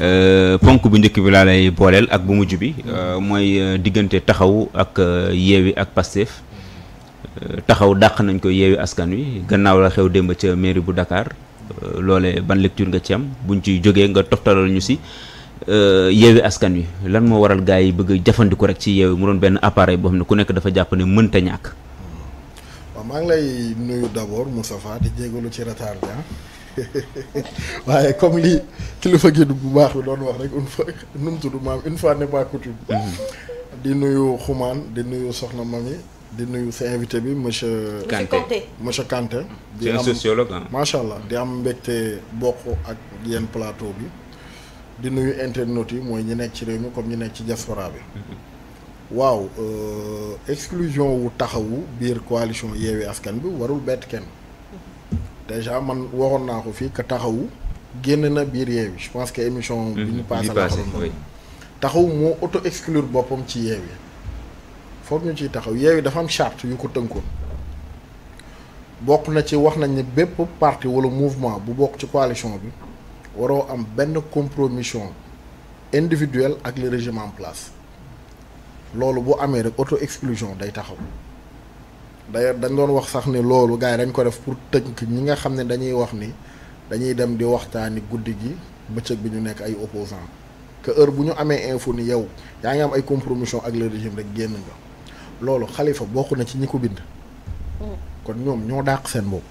Euh, ponk bu njëkk bi laa lay booleel ak bu mujj bi mm. euh, mooy euh, diggante taxaw ak yeewi ak Pastef taxaw dàq nañ ko yeewi askan wi gannaaw la xew démb ca mairie bu dakaar loole ban lecture nga ci am buñ ciy jógee nga toftalal ñu si yeewi askan wi lan moo waral gaa yi bëgg jafandiku rek ci yeewi mu doon benn appareil boo xam ne ku nekk dafa jàpp ne mënta ñàkk. Mm. waaw waaye comme li kilifa gi bu baax bi doon wax rek une fois nu mu maam une fois n'est pas coutume. Mm-hmm. di nuyu xumaan di nuyu soxna mami di nuyu sa invité bi monsieur. Kanté monsieur Kanté. di am sociologue allah di am mbégte bokk ak yenn plateau bi di nuyu internautes yi mooy ñu nekk ci réew ñu comme ñi nekk ci diaspora bi. Mm-hmm. waaw euh, exclusion wu taxawu biir coalition Yewwi Askan bi warul bett kenn. déjà man waxoon naa ko fii que taxawu génn na biir Yewwi je pense que émission. Mhm. bi ñu passé la taxaw moo auto exclure boppam ci Yewwi foog ñu ciy taxaw Yewwi dafa am charte yu ko tënkoon bokk na ci wax nañ ne bépp parti wala mouvement bu bokk ci coalition bi waroo am benn compromission individuelle ak le régime place loolu bu amee rek auto exclusion day taxaw. d'ailleurs dañ doon wax sax ni loolu gars yi dañ ko def pour tënk ñi nga xam ne dañuy wax ni dañuy dem di waxtaani guddi gi bëccëg bi ñu nekk ay opposants que heure bu ñu amee info ni yow yaa ngi am ay compromission ak le régime rek génn nga loolu xalifa bokk na ci ñi ko bind. kon ñoom ñoo dàq seen bopp.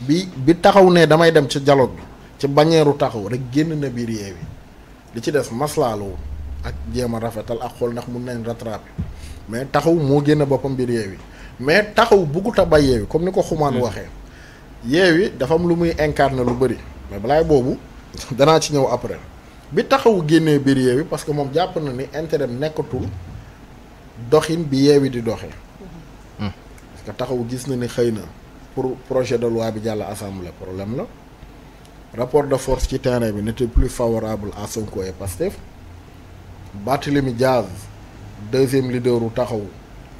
bi bi taxaw ne damay dem ci dialogue bi ci bañeeru taxaw rek génn na biir yeewi li ci des maslaa la ak jéem a rafetal ak xool ndax mun nañ rattraper. mais taxaw moo génne boppam biir yeewi mais taxaw buggut a bay yeewi comme ni ko xumaan hmm. waxee yeewi dafa am lu muy incarner lu bëri mais balaay boobu danaa ci ñëw après bi taxaw génnee biir yeewi parce que moom jàpp na ni intérêt nekkatul doxin bi yeewi di doxee hmm. parce que taxaw gis na ni xëy na pour projet de loi bi jàll assemblée problème la rapport de force ci terrain bi n'était plus favorable à Sonko et Pastef Barthélémy Diaz deuxième leader wu taxaw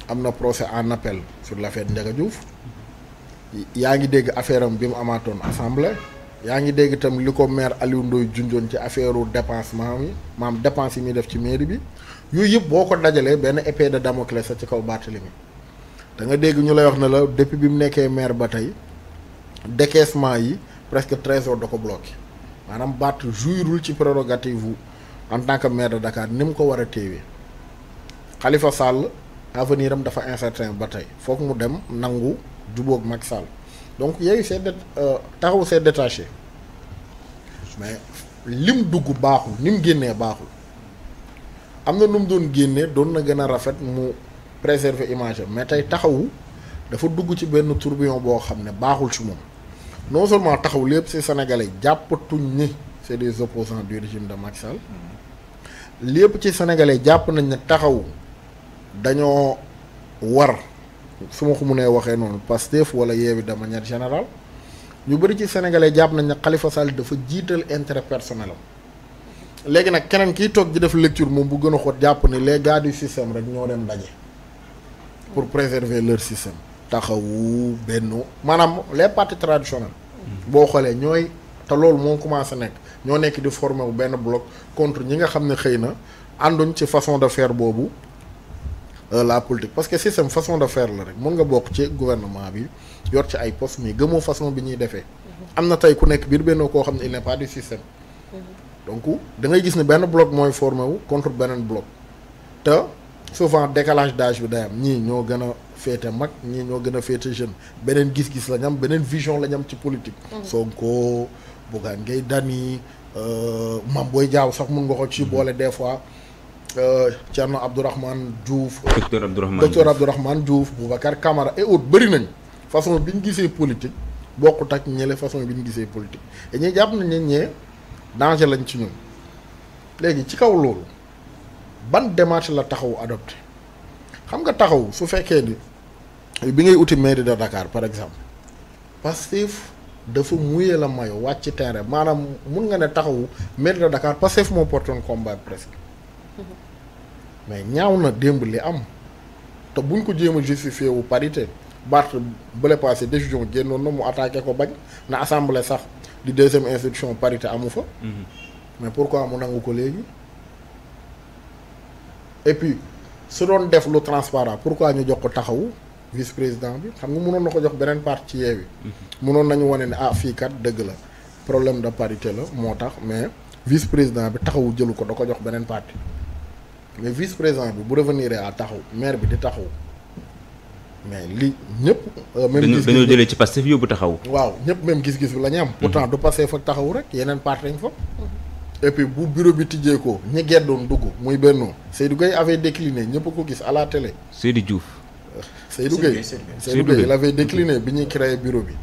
am na procès en appel sur l'affaire Ndiaga Diouf yaa ngi dégg affaire am bi mu amaatoon assemblée yaa ngi dégg itam li ko maire Aliou Ndoye junjoon ci affaire u dépensement maam dépense yi muy def ci mairie bi yooyu yëpp boo ko dajalee benn épée de Damoclès sa ci kaw Barthélémy da nga dégg ñu lay wax ne la depuis bi mu nekkee maire ba tey décaissement yi presque trésor da ko bloqué maanaam Barth jouirul ci prérogative en tant que maire de Dakar ni mu ko war a téewee xalifa Sall avenir am dafa incertain ba tey foog mu dem nangu jubóog mag Sall donc yooyu c'est de euh, taxaw c'est détaché mais lim dugg baaxul ni génnee baaxul am na nu mu doon génnee doon na gën a rafet mu préserver imager mais tey taxawu dafa dugg ci benn tourbillon boo xam ne baaxul ci moom non seulement taxaw lépp ci sénégalais jàppatuñ ni c'est des opposants du de Macky Sall mm-hmm. lépp ci sénégalais jàpp nañ ne taxawu dañoo war su ma ko mënee waxee noonu Pastef wala Yewwi de manière générale ñu bëri ci sénégalais jàpp nañ ne Khalifa Sall dafa jiital intérêt personnel am léegi nag keneen kiy toog di def lecture moom bu gën a xóot jàpp ni les gars du système rek ñoo dem daje pour préserver leur système. taxawu benn maanaam les partis traditionnels. boo xoolee ñooy te loolu moo commencé nekk ñoo nekk di former wu benn bloc contre ñi nga xam ne xëy na ànduñ ci façon de faire boobu. Euh, la politique parce que système façon de faire la rek mun nga bokk ci gouvernement bi yor ci ay poste mais gëmoo façon bi ñuy defee mhm. am na tey ku nekk biir benn koo xam ne il n'est pas du système mhm. donc da ngay gis ne benn bloc mooy formé wu contre beneen bloc te souvent décalage dage bi day am ñii ñoo gën a féete mag ñii ñoo gën a féete jeune beneen gis-gis la ñam beneen vision la ñam ci politique mhm. Sonko Bougane Gueye Dany euh, Mame booy Diao sax mun nga ko ci boole des fois Euh, Thierno Abdourahmane Diouf. docteur Abdourahmane Diouf docteur Abdourahmane Diouf Boubacar Camara et autres bëri nañ façon bi ñu gisee politique bokkut ak ñele façon bi ñu gisee politique et ñi jàpp nañ ne ñee danger lañ ci ñun léegi ci kaw loolu ban démarche la taxaw adopte xam nga taxaw su fekkee ni bi ngay uti mairie de Dakar par exemple Pastef dafa muyee la mayo wàcc terrain maanaam mun nga ne taxawu mairie de Dakar Pastef moo portoon combat presque. mais ñaaw na démb li am te buñ ko jéem a justifié wu parité Barth bële passé décision génnoon na mu attaqué ko bañ na assemblée sax di deuxième institution parité amu fa. Mhm. mais pourquoi mu nangu ko léegi. et puis su doon def lu transparent pourquoi ñu jox ko taxawu vice président bi xam nga mënoon na ko jox beneen parti ci Yewwi. Mhm. mënoon nañu wone ne ah fii kat dëgg la problème de parité la moo tax mais vice président bi taxawu jëlu ko da ko jox beneen parti. mais vice président bi bu revenir à taxaw maire bi di taxaw mais li ñëpp. Euh, même gis dañoo jëlee ci Pastef yóbbu taxaw. waaw ñëpp même gis-gis bi la ñu am. Mhm. pourtant du Pastef ak taxaw rek yeneen parti lañ fa. et puis bu bureau bi tijjee ko ñi geddoon dugg muy Benno Seydou Gueye avait décliné ñëpp ko gis à la télé. Seydou Diouf. Seydou Gueye Seydou Gueye il avait décliné bi ñuy créé bureau bi.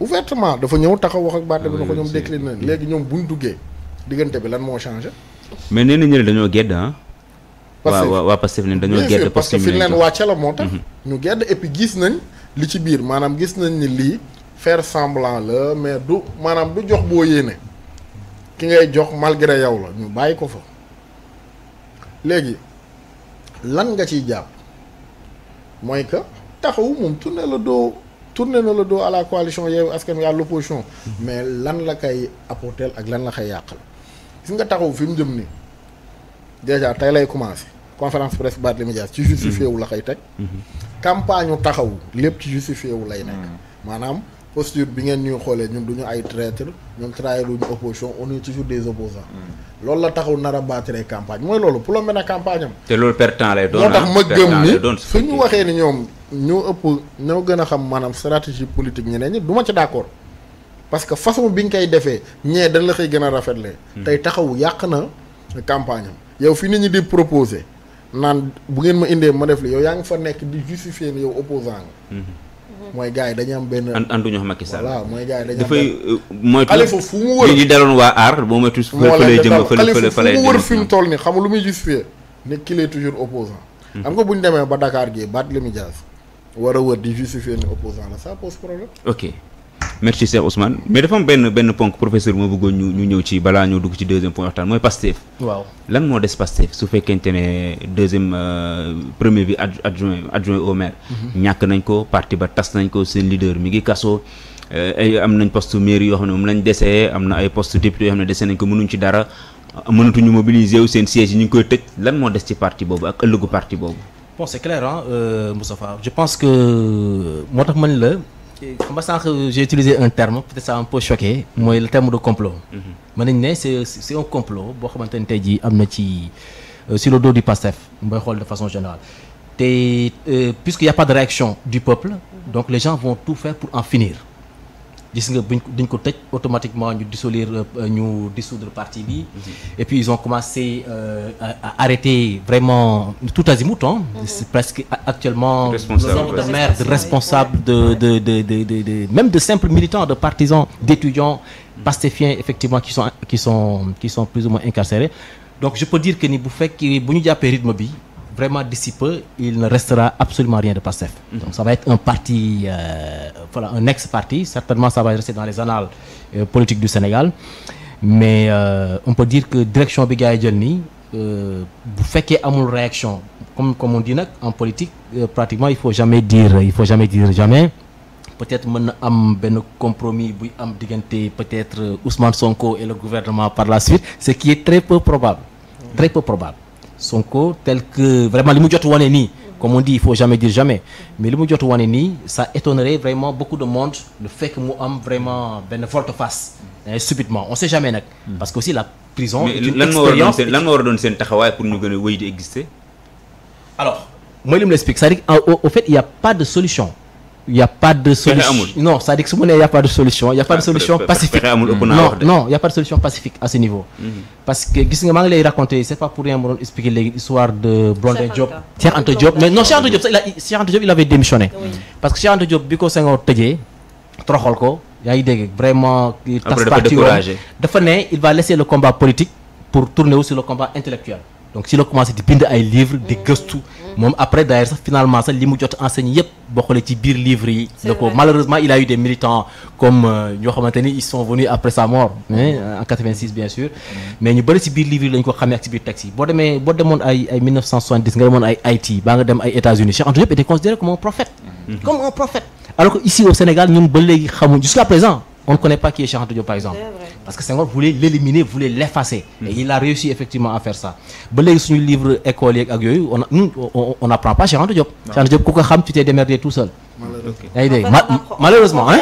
ouvertement dafa ñëw taxaw wax ak Barthe bi na ko ñoom décliné léegi ñoom buñ duggee diggante bi lan moo changé. mais nee nañu dañoo gedd ah. Pastef waaw waaw Pastef ne dañoo gedd parce que fi leen wàcce la moo tax mhm. ñu gedd et gis nañ li ci biir maanaam gis nañ ni lii faire semblant la mais du maanaam du jox boo yéene ki ngay jox malgré yow la ñu bàyyi ko fa léegi lan nga ciy jàpp mooy que taxawu moom tourné la doo tourné na la doo à la coalition Yewwi Askan Wi à l'opposition mhm. mais lan la koy apporter ak lan la koy yàqal gis nga taxawu fi mu jëm nii déjà tey lay commencer conférence presse Barthélémy Dias ci justifié wu la koy teg mhm. campagne u taxawu lépp ci justifié wu lay nekk mhm. maanaam posture bi ngeen ñuy xoolee ñun du ñu ay traître ñun trahir ñu opposition on est toujours des opposants mhm. loolu la taxaw nara a battre campagne mooy loolu plombé na campagne am te loolu perte temps lay doon moo tax ma gëm ni ñu waxee ni ñoom ñoo ëpp ñoo gën a xam maanaam stratégie politique ñeneen ñi du ma ci d'accord parce que façon bi nga koy defee ñee dañ la koy gën a rafetle tey taxaw yàq na campagne yow fi nit ñi di proposer naan bu ngeen ma indee ma def li yow yaa ngi fa nekk di justifier ni yow opposant nga mhm. mooy gars yi dañu am benn. and anduñu xam Macky Sall. voilà mooy gars yi dañu am benn dafay. Euh, xalifa fu mu wër li waa aar boo moytu. moo leen di daal fi mu toll nii xam nga lu muy justifier ne qu'il est toujours opposant mhm. xam nga bu ñu demee ba Dakar gii Barthélémy Dias war a wër di justifier ni opposant la ça pose problème. ok. merci Cheikh Ousmane mais dafa benn benn ponk professeur moo bëggoon ñu ñu ñëw ci balaa ñoo dugg ci deuxième point waxtaan mooy Pastef. waaw lan moo des Pastef su fekkente euh, bi ad adjoint adjoint mhm. nañ ko parti ba tas nañ ko seen leader mi ngi kasoo. Euh, ay am nañ poste mairie yoo xam ne moom lañ desee am na ay post député yoo xam ne desee nañ ko mënuñ ci dara mënatuñu mobiliser wu seen siège ñu ngi koy tëj lan moo des ci parti boobu ak ëllëgu parti boobu. bon c'est clair ah Moustapha je pense que moo tax man la. xam nga sànq j'ai utilisé un terme peut-être ça a un peu choqué mooy le terme de complot mën mhm. nañ ne c'est c'est un complot boo xamante ne tey jii am na ci euh, sur le dos du Pastef booy xool de façon générale te euh, puisque y a pas de réaction du peuple donc les gens vont tout faire pour en finir gis nga buñ dañ ko tëj automatiquement ñu dissoudre euh, ñu dissoudre parti bi mhm. et puis ils ont commencé euh, à, arrêter vraiment tout azimut hein mhm. c'est presque actuellement nombre de maires de responsables de de, de de de même de simples militants de partisans d'étudiants pastéfiens effectivement qui sont qui sont qui sont plus ou moins incarcérés donc je peux dire que ni bu fekkee bu ñu jàppee rythme bi vraiment d'ici peu il ne restera absolument rien de Pastef mhm. donc ça va parti euh, voilà un parti certainement ça va rester dans les annales euh, politiques du Sénégal mais euh, on peut dire que direction bi gars yi jël nii euh, bu fekkee amul réaction comme comme on dit nag en politique euh, pratiquement il faut jamais dire il faut jamais dire jamais peut-être mën na am benn compromis buy am diggante peut-être Ousmane Sonko et le gouvernement par la suite ce qui est très peu probable très peu probable Sonko tel que vraiment mu jot wane nii comme on dit il faut jamais dire jamais mais li mu jot wane nii ça étonnerait vraiment beaucoup de monde le fait que mu am vraiment benn volte-face subitement on sait jamais nag hmm. parce que aussi la prison est une expérience lan nga war a doon seen taxawaay pour ñu gën a wéy di exister alors mooy li mu l'explique cest dire au fait il y a pas de solution y' a pas de. solution non cest à que su ma nee y' a pas de solution. y' a pas de solution pacifique non non y' a pas de solution pacifique mhm. parce que gis nga maa ngi lay raconter c' pas pour rien ma expliquer léegi histoire de Blondin Diop. Cheikh Anta Diop mais non Cheikh Anta Diop sax il a démissionné. parce que Cheikh Anta Diop bi ko Senghor tëjee toroxal ko yaa ngi dégg vraiment. tas parti dafa il va laisser le combat politique pour tourner aussi le combat intellectuel. donc si la commencé di bind ay livres di gëstu moom après d'ailleurs sax finalement sax li mu jot enseigné yëpp boo xoolee ci biir livres yi la ko malheureusement il a eu des militants comme euh, ñoo xamante ni ils sont venus après sa mort en 86 bien sûr biir livres boo demee boo demoon ay ay 1970 nga demoon ay Haïti baa nga dem ay États-Unis Cheikh Anta Diop était considéré comme un prophète mm-hmm. comme un prophète alors que ici au Sénégal ñun ba léegi xamuñ jusqu'à présent on ne connaît pas qui est Cheikh Anta Diop par exemple parce que Senghor voulait l'éliminer voulait l'effacer et il a réussi effectivement à faire ça ba léegi suñu livre école yeeg ak on on pas Cheikh Anta Diop Cheikh Anta Diop ku ko tu t'es démerdé tout seul yaa ngi dégg malheureusement hein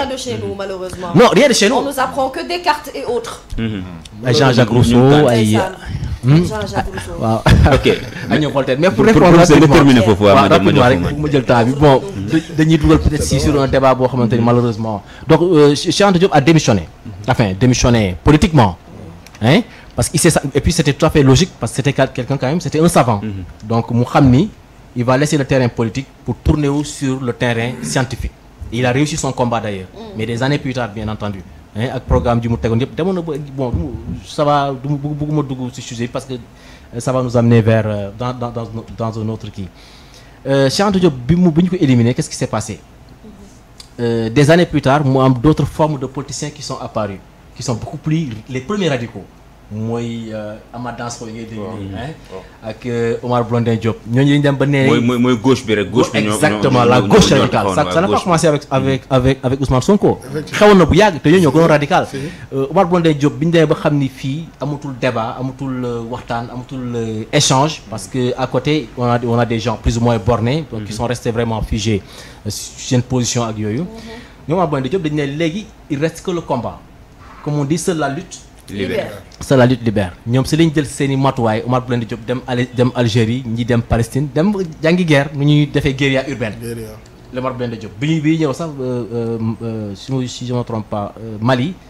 non rien de chez nous on nous apprend que et autres Jean-Jacques Rousseau Hmm? Ah, waaw ok a mais pour répondre rapidement rek bu ma jël temps bi si sur un débat boo xamante ni hmm. malheureusement donc euh, Cheikh Anta Diop a démissionné hmm. enfin démissionné politiquement hein parce que il tout à fait logique parce que c'était quelqu'un quand c'était un savant donc mu xam le terrain politique pour tourner wu sur le terrain scientifique il a réussi son combat d'ailleurs mais des années plus tard bien entendu ak programme ji mu tegoon yëpp demoon na ba bon ça va du ma bëgguma dugg ci sujet parce que euh, ça va nous amener vers euh, dans un autre kii euh, chante Anta Diop bi mu bi ñu ko éliminé qu'est-ce qui s'est passé mm-hmm. des années plus tard mu am d'autres formes de politiciens qui sont apparus qui sont beaucoup plus les premiers radicaux mooy euh, Amath Dansokho yi ngay dégg nii. ak euh, Omar Blondin Diop. ñooñu dañu dem ba nee. mooy mooy gauche bi rek gauche bi ñoo exactement la gauche radicale ça ça n'a pas commencé avec avec mm. avec avec Ousmane Sonko. na bu yàgg te ñoo ñoo gënoon radical. Euh, Omar Blondin Diop bi ñu demee ba xam ni fii amatul débat amatul waxtaan amatul échange. parce que à côté on a on des gens plus ou moins bornés. Mm-hmm. qui sont restés vraiment figés seen position ak yooyu. mais mm-hmm. Omar Blondin Diop dañu ne léegi il le combat comme la ça la lutte libère ñoom si lañ jël seeni i matuwaay Omar Blondin job dem ale dem Algérie ñi dem Palestine dem jàngi guerre nu ñuy defee guérilla urbaine. guérilla Omar Blondin Diop bi ñuy bi ñëw sax euh, euh, euh, si si je ne me Mali.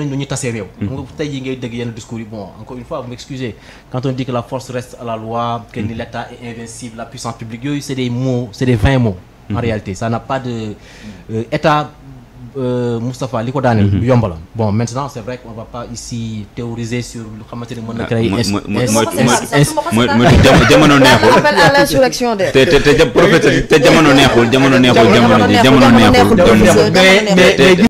nañ lu ñu tasee réew xam nga tey jii ngay dégg yenn discours yi bon encore une fois vous m'excusez quand on dit que la force reste à la loi que ni l'état invincible la puissance publique yooyu c'est des mots c'est des vains mots en réalité ça n'a pas de état Moustapha li ko daaneel lu yomb la bon maintenant c'est vrai qu'on va pas ici théoriser sur lu xamante ne mën na créer jamono neexul te te te professeur te jamono neexul jamono neexul jamono ji jamono